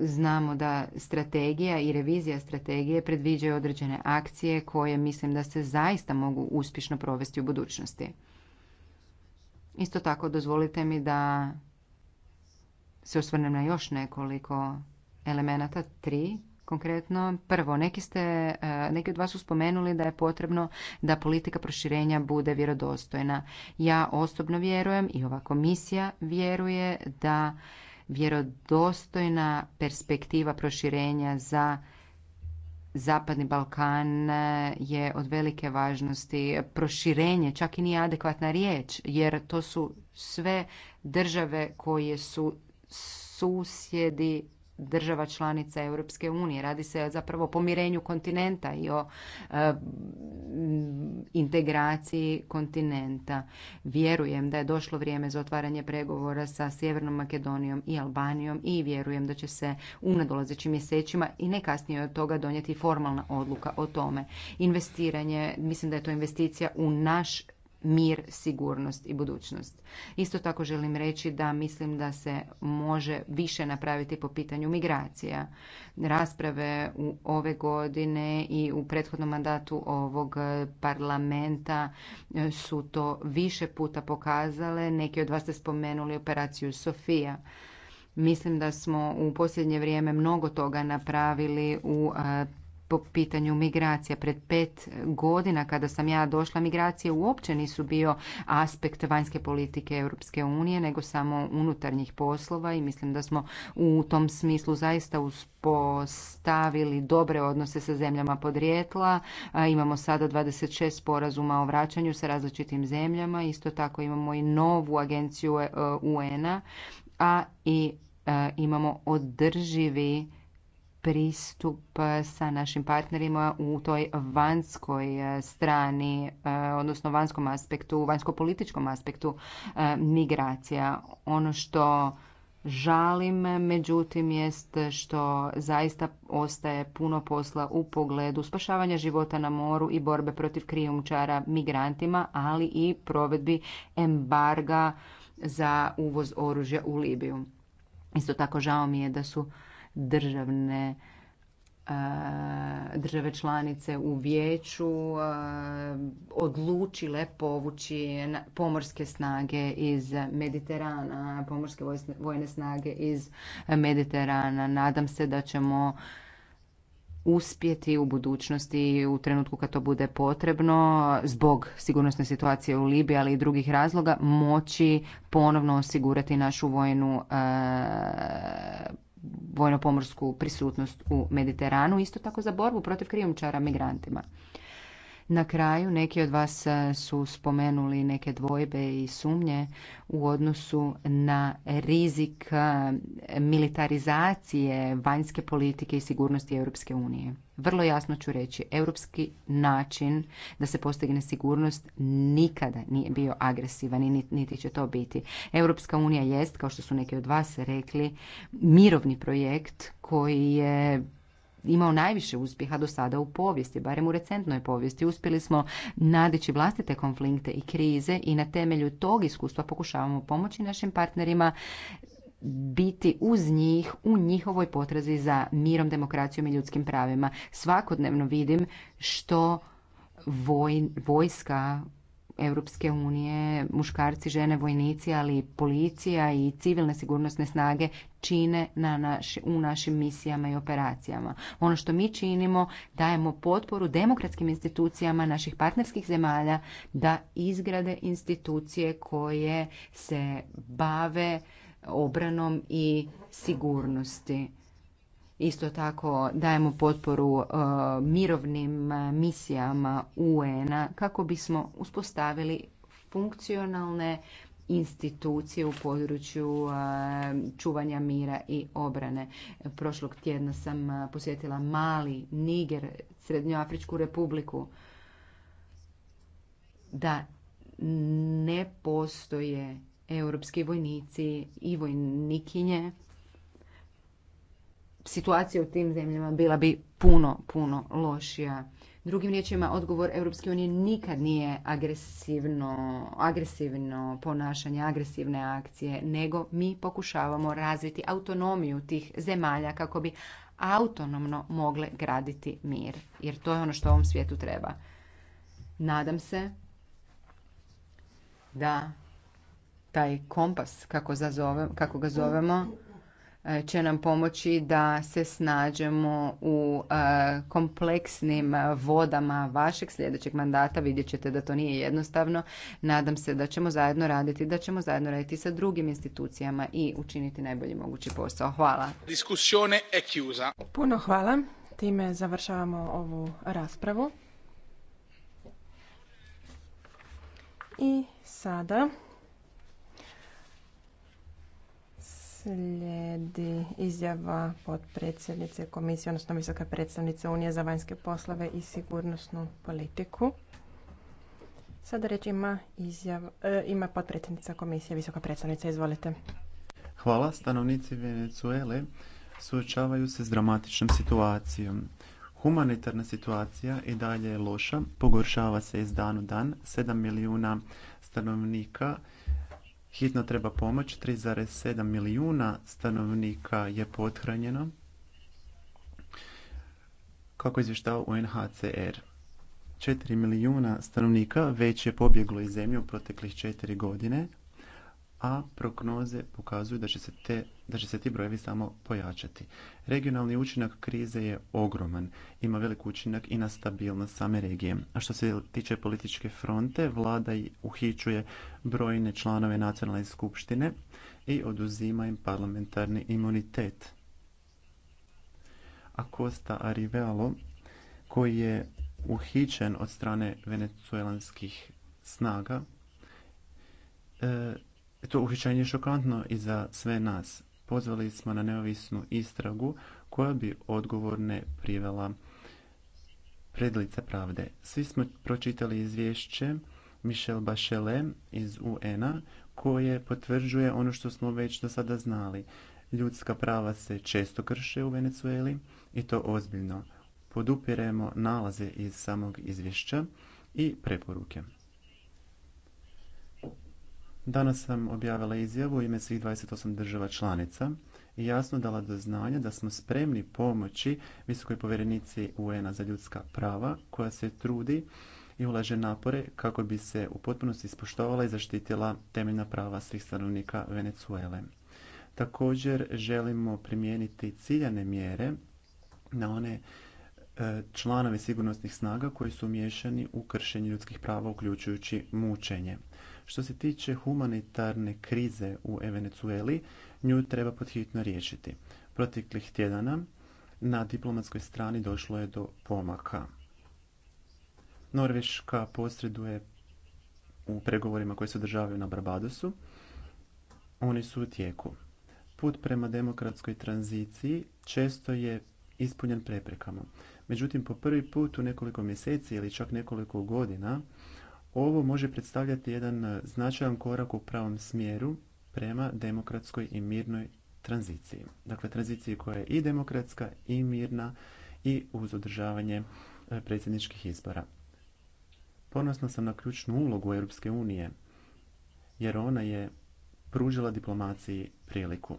znamo da strategija i revizija strategije predviđaju određene akcije koje mislim da se zaista mogu uspješno provesti u budućnosti. Isto tako dozvolite mi da se osvrnem na još nekoliko elemenata, tri konkretno. Prvo, neki, ste, e, neki od vas su spomenuli da je potrebno da politika proširenja bude vjerodostojna. Ja osobno vjerujem i ova komisija vjeruje da vjerodostojna perspektiva proširenja za Zapadni Balkan e, je od velike važnosti. Proširenje čak i nije adekvatna riječ, jer to su sve države koje su susjedi država članica Europske unije. Radi se zapravo o pomirenju kontinenta i o e, integraciji kontinenta. Vjerujem da je došlo vrijeme za otvaranje pregovora sa Sjevernom Makedonijom i Albanijom i vjerujem da će se u nadolazećim mjesecima i ne kasnije od toga donijeti formalna odluka o tome. Investiranje, mislim da je to investicija u naš mir, sigurnost i budućnost. Isto tako želim reći da mislim da se može više napraviti po pitanju migracija. Rasprave u ove godine i u prethodnom mandatu ovog parlamenta su to više puta pokazale. Neki od vas ste spomenuli operaciju Sofija. Mislim da smo u posljednje vrijeme mnogo toga napravili u po pitanju migracija. Pred pet godina kada sam ja došla, migracije uopće nisu bio aspekt vanjske politike Europske unije, nego samo unutarnjih poslova i mislim da smo u tom smislu zaista uspostavili dobre odnose sa zemljama podrijetla. Imamo sada 26 sporazuma o vraćanju sa različitim zemljama. Isto tako imamo i novu agenciju e, UN-a, a i e, imamo održivi pristup eh, sa našim partnerima u toj vanjskoj eh, strani, eh, odnosno vanjskom aspektu, vanjsko-političkom aspektu migracija. Ono što žalim, međutim, jest što zaista ostaje puno posla u pogledu spašavanja života na moru i borbe protiv krijumčara migrantima, ali i provedbi embarga za uvoz oružja u Libiju. Isto tako žao mi je da su državne države članice u vijeću odlučile povući pomorske snage iz Mediterana, pomorske vojne snage iz Mediterana. Nadam se da ćemo uspjeti u budućnosti u trenutku kad to bude potrebno zbog sigurnosne situacije u Libiji ali i drugih razloga moći ponovno osigurati našu vojnu vojno-pomorsku prisutnost u Mediteranu, isto tako za borbu protiv krijumčara migrantima. Na kraju, neki od vas e, su spomenuli neke dvojbe i sumnje u odnosu na rizik e, militarizacije vanjske politike i sigurnosti Europske unije. Vrlo jasno ću reći, europski način da se postigne sigurnost nikada nije bio agresivan i niti će to biti. Europska unija jest, kao što su neki od vas rekli, mirovni projekt koji je imao najviše uspjeha do sada u povijesti, barem u recentnoj povijesti. Uspjeli smo nadići vlastite konflikte i krize i na temelju tog iskustva pokušavamo pomoći našim partnerima biti uz njih u njihovoj potrazi za mirom, demokracijom i ljudskim pravima. Svakodnevno vidim što vojska Europske unije, muškarci, žene, vojnici, ali i policija i civilne sigurnosne snage čine na u našim misijama i operacijama. Ono što mi činimo, dajemo potporu demokratskim institucijama naših partnerskih zemalja da izgrade institucije koje se bave obranom i sigurnosti Isto tako dajemo potporu e, mirovnim e, misijama UN-a kako bismo uspostavili funkcionalne institucije u području e, čuvanja mira i obrane. Prošlog tjedna sam posjetila Mali, Niger, Srednjoafričku republiku. Da ne postoje europski vojnici i vojnikinje situacija u tim zemljama bila bi puno, puno lošija. Drugim riječima, odgovor Europske unije nikad nije agresivno, agresivno ponašanje, agresivne akcije, nego mi pokušavamo razviti autonomiju tih zemalja kako bi autonomno mogle graditi mir. Jer to je ono što ovom svijetu treba. Nadam se da taj kompas, kako, kako ga zovemo, će nam pomoći da se snađemo u e, kompleksnim vodama vašeg sljedećeg mandata. Vidjet ćete da to nije jednostavno. Nadam se da ćemo zajedno raditi, da ćemo zajedno raditi sa drugim institucijama i učiniti najbolji mogući posao. Hvala. Puno hvala. Time završavamo ovu raspravu. I sada Slijedi izjava potpredsjednice komisije, odnosno visoka predstavnice Unije za vanjske poslove i sigurnosnu politiku. Sada reći ima, izjav, e, ima potpredsjednica komisije, visoka predstavnica, izvolite. Hvala. Stanovnici Venezuele suočavaju se s dramatičnom situacijom. Humanitarna situacija i dalje je loša, pogoršava se iz dan u dan. 7 milijuna stanovnika hitno treba pomoć 3,7 milijuna stanovnika je pothranjeno kako je izvještao UNHCR. Četiri milijuna stanovnika već je pobjeglo iz zemlje u proteklih četiri godine, a prognoze pokazuju da će se te da će se ti brojevi samo pojačati. Regionalni učinak krize je ogroman, ima velik učinak i na stabilnost same regije. A što se tiče političke fronte, vlada uhićuje brojne članove nacionalne skupštine i oduzima im parlamentarni imunitet. A Costa Arivelo, koji je uhićen od strane venezuelanskih snaga, e, to uhićenje je šokantno i za sve nas pozvali smo na neovisnu istragu koja bi odgovorne privela pred lice pravde. Svi smo pročitali izvješće Michel Bachelet iz UN-a koje potvrđuje ono što smo već do sada znali. Ljudska prava se često krše u Venezueli i to ozbiljno. Podupiremo nalaze iz samog izvješća i preporuke. Danas sam objavila izjavu u ime svih 28 država članica i jasno dala do znanja da smo spremni pomoći visokoj povjerenici UN-a za ljudska prava koja se trudi i ulaže napore kako bi se u potpunosti ispoštovala i zaštitila temeljna prava svih stanovnika Venezuele. Također želimo primijeniti ciljane mjere na one e, članove sigurnosnih snaga koji su umiješani u kršenje ljudskih prava uključujući mučenje. Što se tiče humanitarne krize u Venezueli, nju treba podhitno riješiti. Proteklih tjedana na diplomatskoj strani došlo je do pomaka. Norveška posreduje u pregovorima koji se održavaju na Barbadosu. Oni su u tijeku. Put prema demokratskoj tranziciji često je ispunjen preprekama. Međutim, po prvi put u nekoliko mjeseci ili čak nekoliko godina ovo može predstavljati jedan e, značajan korak u pravom smjeru prema demokratskoj i mirnoj tranziciji. Dakle, tranziciji koja je i demokratska i mirna i uz održavanje e, predsjedničkih izbora. Ponosna sam na ključnu ulogu Europske unije, jer ona je pružila diplomaciji priliku.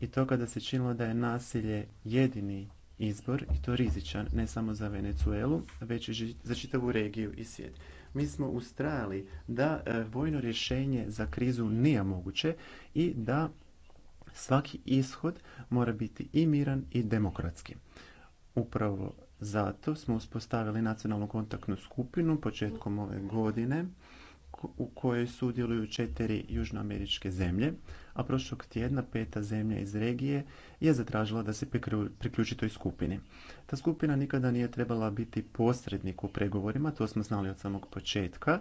I to kada se činilo da je nasilje jedini izbor i to rizičan ne samo za Venezuelu već i za čitavu regiju i svijet. Mi smo ustrajali da e, vojno rješenje za krizu nije moguće i da svaki ishod mora biti i miran i demokratski. Upravo zato smo uspostavili nacionalnu kontaktnu skupinu početkom ove godine u kojoj sudjeluju četiri južnoameričke zemlje, a prošlog tjedna peta zemlja iz regije je zatražila da se priključi toj skupini. Ta skupina nikada nije trebala biti posrednik u pregovorima, to smo znali od samog početka,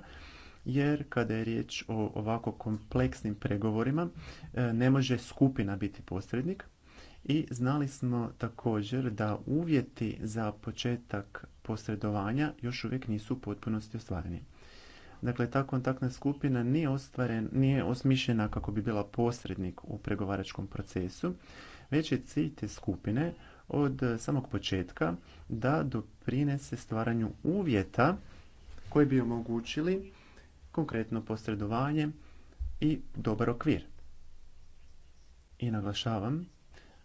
jer kada je riječ o ovako kompleksnim pregovorima e, ne može skupina biti posrednik i znali smo također da uvjeti za početak posredovanja još uvijek nisu u potpunosti ostvareni. Dakle, ta kontaktna skupina nije, nije osmišljena kako bi bila posrednik u pregovaračkom procesu, već je cilj te skupine od samog početka da doprinese stvaranju uvjeta koji bi omogućili konkretno posredovanje i dobar okvir. I naglašavam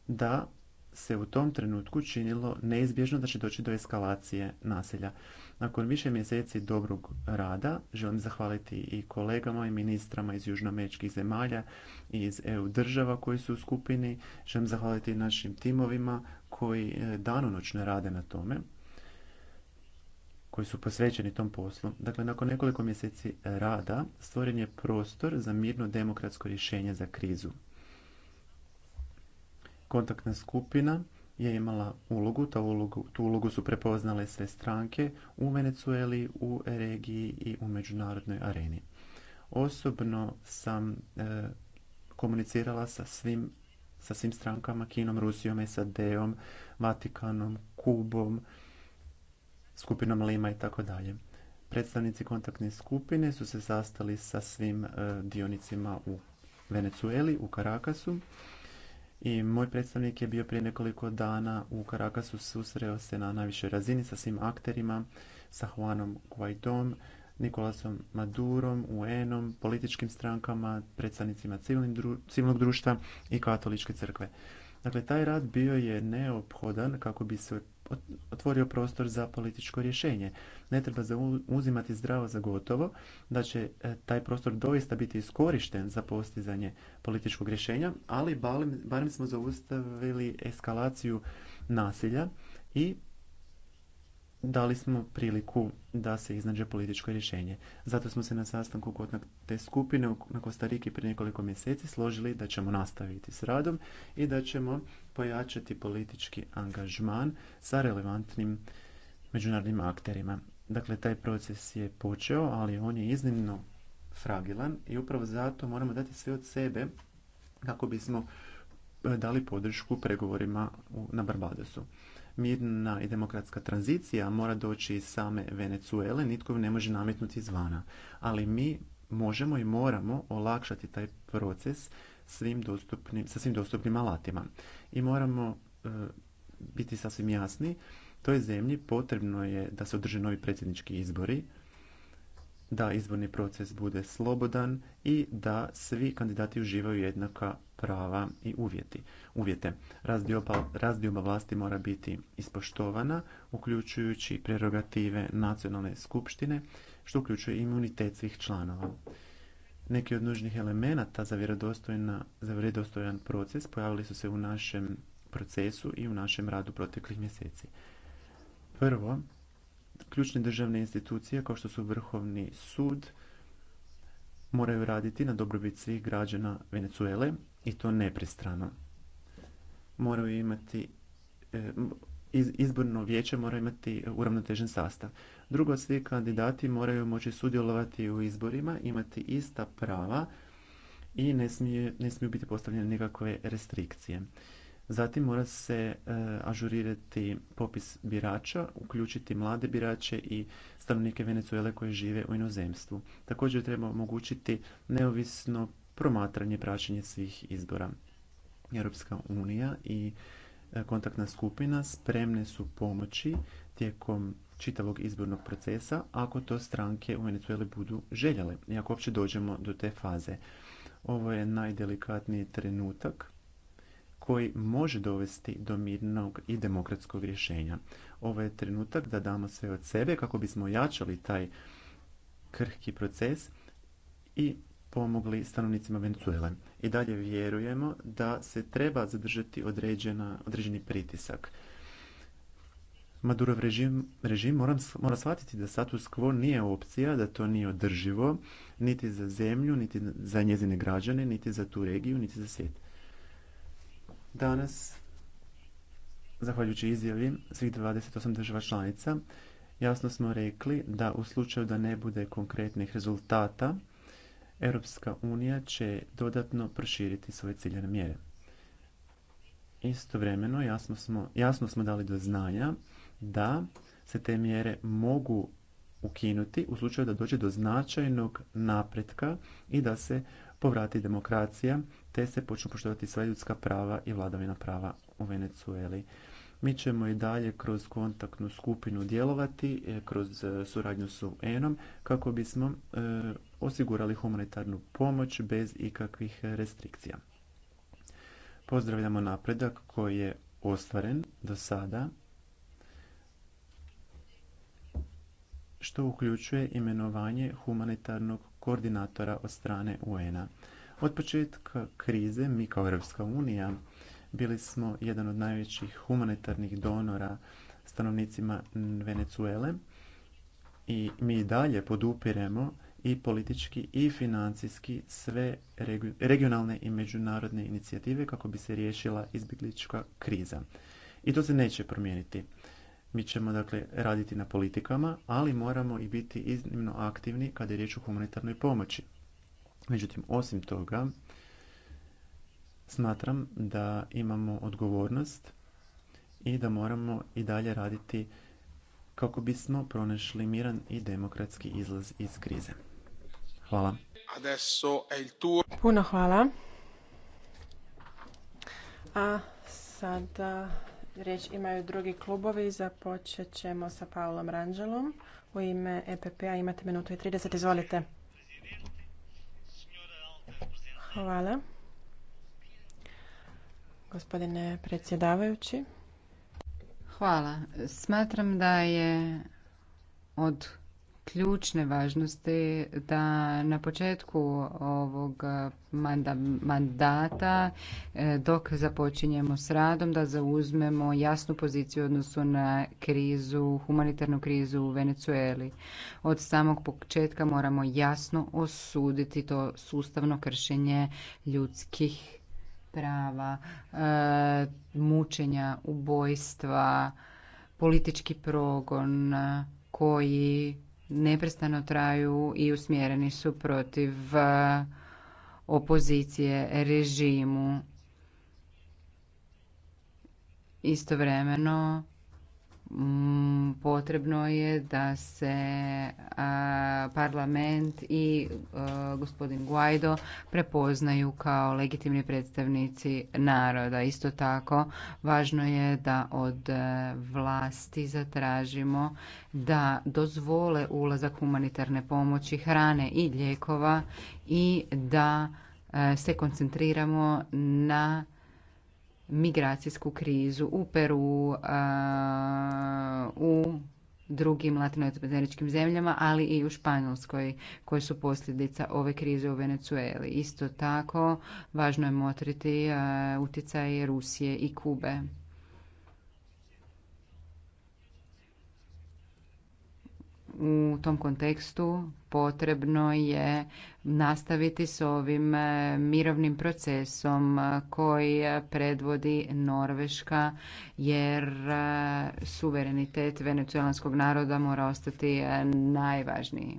da se u tom trenutku činilo neizbježno da će doći do eskalacije nasilja. Nakon više mjeseci dobrog rada želim zahvaliti i kolegama i ministrama iz južnoameričkih zemalja i iz EU država koji su u skupini. Želim zahvaliti našim timovima koji e, danonoćno rade na tome koji su posvećeni tom poslu. Dakle, nakon nekoliko mjeseci rada stvoren je prostor za mirno demokratsko rješenje za krizu kontaktna skupina je imala ulogu, ulogu tu ulogu su prepoznale sve stranke u Venezueli, u regiji i u međunarodnoj areni. Osobno sam e, komunicirala sa svim, sa svim strankama, Kinom, Rusijom, SAD-om, Vatikanom, Kubom, skupinom Lima i tako dalje. Predstavnici kontaktne skupine su se sastali sa svim e, dionicima u Venezueli, u Karakasu i moj predstavnik je bio prije nekoliko dana u Caracasu susreo se na najvišoj razini sa svim akterima, sa Juanom Guaidom, Nikolasom Madurom, un političkim strankama, predstavnicima civilnog društva i katoličke crkve. Dakle, taj rad bio je neophodan kako bi se otvorio prostor za političko rješenje. Ne treba uzimati zdravo za gotovo da će e, taj prostor doista biti iskorišten za postizanje političkog rješenja, ali barem smo zaustavili eskalaciju nasilja i dali smo priliku da se iznađe političko rješenje. Zato smo se na sastanku kod te skupine na Kostariki prije nekoliko mjeseci složili da ćemo nastaviti s radom i da ćemo pojačati politički angažman sa relevantnim međunarodnim akterima. Dakle, taj proces je počeo, ali on je iznimno fragilan i upravo zato moramo dati sve od sebe kako bismo e, dali podršku pregovorima na Barbadosu. Mirna i demokratska tranzicija mora doći iz same Venecuele, nitko ju ne može nametnuti izvana. Ali mi možemo i moramo olakšati taj proces svim dostupnim sa svim dostupnim alatima. I moramo e, biti sasvim jasni, toj zemlji potrebno je da se održe novi predsjednički izbori, da izborni proces bude slobodan i da svi kandidati uživaju jednaka prava i uvjeti. uvjete. Razdioba, razdioba vlasti mora biti ispoštovana, uključujući prerogative nacionalne skupštine, što uključuje imunitet svih članova. Neki od nužnih elemenata za, za vjerodostojan proces pojavili su se u našem procesu i u našem radu proteklih mjeseci. Prvo, ključne državne institucije kao što su vrhovni sud moraju raditi na dobrobit svih građana venezuele i to nepristrano moraju imati e, izborno vijeće mora imati uravnotežen sastav drugo svi kandidati moraju moći sudjelovati u izborima imati ista prava i ne, ne smiju biti postavljene nikakve restrikcije Zatim mora se e, ažurirati popis birača, uključiti mlade birače i stanovnike Venezuele koji žive u inozemstvu. Također treba omogućiti neovisno promatranje i praćenje svih izbora. Europska unija i e, kontaktna skupina spremne su pomoći tijekom čitavog izbornog procesa ako to stranke u Venezueli budu željele i ako uopće dođemo do te faze. Ovo je najdelikatniji trenutak koji može dovesti do mirnog i demokratskog rješenja. Ovo je trenutak da damo sve od sebe kako bismo jačali taj krhki proces i pomogli stanovnicima Venezuele. I dalje vjerujemo da se treba zadržati određena, određeni pritisak. Madurov režim, režim mora shvatiti da status quo nije opcija, da to nije održivo, niti za zemlju, niti za njezine građane, niti za tu regiju, niti za svijet. Danas, zahvaljujući izjavi svih 28 država članica, jasno smo rekli da u slučaju da ne bude konkretnih rezultata, Europska unija će dodatno proširiti svoje ciljene mjere. Istovremeno jasno smo, jasno smo dali do znanja da se te mjere mogu ukinuti u slučaju da dođe do značajnog napretka i da se povrati demokracija te se počnu poštovati sva ljudska prava i vladavina prava u Venezueli. Mi ćemo i dalje kroz kontaktnu skupinu djelovati, e, kroz e, suradnju s UN-om kako bismo e, osigurali humanitarnu pomoć bez ikakvih restrikcija. Pozdravljamo napredak koji je ostvaren do sada što uključuje imenovanje humanitarnog koordinatora od strane UN-a. Od početka krize mi kao Europska unija bili smo jedan od najvećih humanitarnih donora stanovnicima Venezuele i mi dalje podupiremo i politički i financijski sve regionalne i međunarodne inicijative kako bi se riješila izbjeglička kriza. I to se neće promijeniti. Mi ćemo dakle raditi na politikama, ali moramo i biti iznimno aktivni kada je riječ o humanitarnoj pomoći. Međutim, osim toga, smatram da imamo odgovornost i da moramo i dalje raditi kako bismo pronašli miran i demokratski izlaz iz krize. Hvala. Puno hvala. A sada Riječ imaju drugi klubovi. Započet ćemo sa Paulom Ranđelom. U ime EPP-a imate minutu i 30. Izvolite. Hvala. Gospodine predsjedavajući. Hvala. Smatram da je od ključne važnosti da na početku ovog eh, mandata eh, dok započinjemo s radom da zauzmemo jasnu poziciju odnosu na krizu, humanitarnu krizu u Venecueli. Od samog početka moramo jasno osuditi to sustavno kršenje ljudskih prava, eh, mučenja, ubojstva, politički progon koji neprestano traju i usmjereni su protiv e, opozicije režimu. Istovremeno Mm, potrebno je da se parlament i e, gospodin Guaido prepoznaju kao legitimni predstavnici naroda. Isto tako, važno je da od e, vlasti zatražimo da dozvole ulazak humanitarne pomoći, hrane i lijekova i da e, se koncentriramo na migracijsku krizu u Peru, u drugim latinoameričkim zemljama, ali i u Španjolskoj koje su posljedica ove krize u Venecueli. Isto tako važno je motriti utjecaj Rusije i Kube. u tom kontekstu potrebno je nastaviti s ovim e, mirovnim procesom koji predvodi Norveška jer e, suverenitet venecijanskog naroda mora ostati e, najvažniji.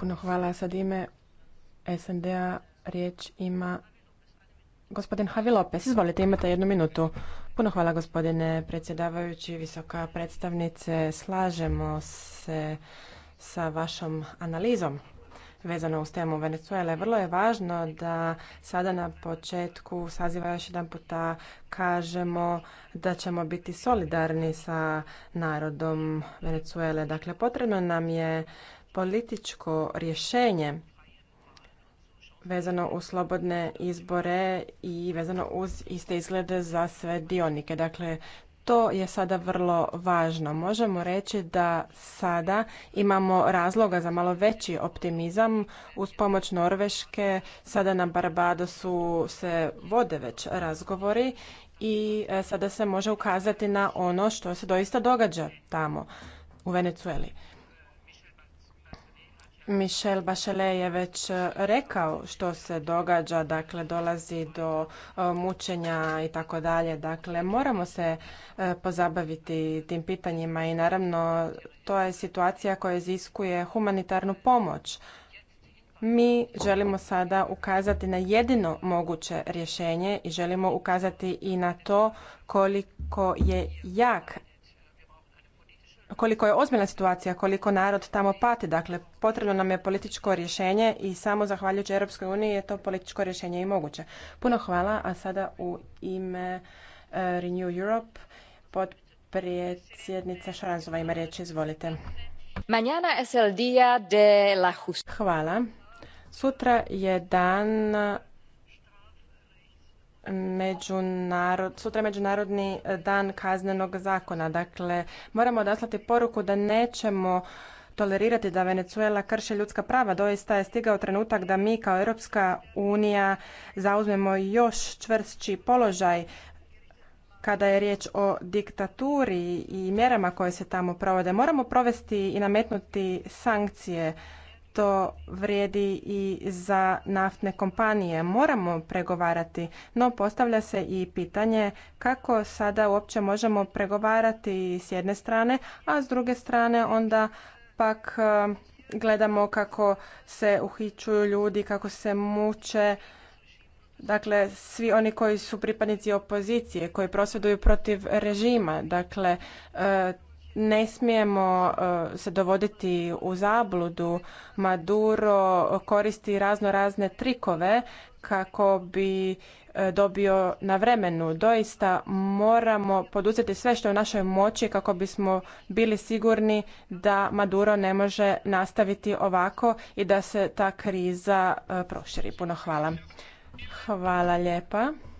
Puno hvala. Sad ime riječ ima gospodin Havi Lopez. Izvolite, imate jednu minutu. Puno hvala gospodine predsjedavajući, visoka predstavnice. Slažemo se sa vašom analizom vezano uz temu Venezuele. Vrlo je važno da sada na početku saziva još jedan puta kažemo da ćemo biti solidarni sa narodom Venezuele. Dakle, potrebno nam je političko rješenje vezano uz slobodne izbore i vezano uz iste izglede za sve dionike. Dakle, to je sada vrlo važno. Možemo reći da sada imamo razloga za malo veći optimizam uz pomoć Norveške. Sada na Barbadosu se vode već razgovori i e, sada se može ukazati na ono što se doista događa tamo u Venecueli. Michel Bachelet je već e, rekao što se događa, dakle dolazi do e, mučenja i tako dalje. Dakle, moramo se e, pozabaviti tim pitanjima i naravno to je situacija koja iziskuje humanitarnu pomoć. Mi želimo sada ukazati na jedino moguće rješenje i želimo ukazati i na to koliko je jak koliko je ozbiljna situacija, koliko narod tamo pati. Dakle, potrebno nam je političko rješenje i samo zahvaljujući Europskoj uniji je to političko rješenje i moguće. Puno hvala, a sada u ime e, Renew Europe pod predsjednica ima riječ, izvolite. manjana es el de la Hvala. Sutra je dan međunarod, sutra je Međunarodni e, dan kaznenog zakona. Dakle, moramo odaslati poruku da nećemo tolerirati da Venezuela krše ljudska prava. Doista je stigao trenutak da mi kao Europska unija zauzmemo još čvršći položaj kada je riječ o diktaturi i mjerama koje se tamo provode. Moramo provesti i nametnuti sankcije to vrijedi i za naftne kompanije. Moramo pregovarati, no postavlja se i pitanje kako sada uopće možemo pregovarati s jedne strane, a s druge strane onda pak e, gledamo kako se uhićuju ljudi, kako se muče. Dakle, svi oni koji su pripadnici opozicije, koji prosvjeduju protiv režima, dakle, e, ne smijemo e, se dovoditi u zabludu. Maduro koristi razno razne trikove kako bi e, dobio na vremenu. Doista moramo poduzeti sve što je u našoj moći kako bismo bili sigurni da Maduro ne može nastaviti ovako i da se ta kriza e, proširi. Puno hvala. Hvala lijepa.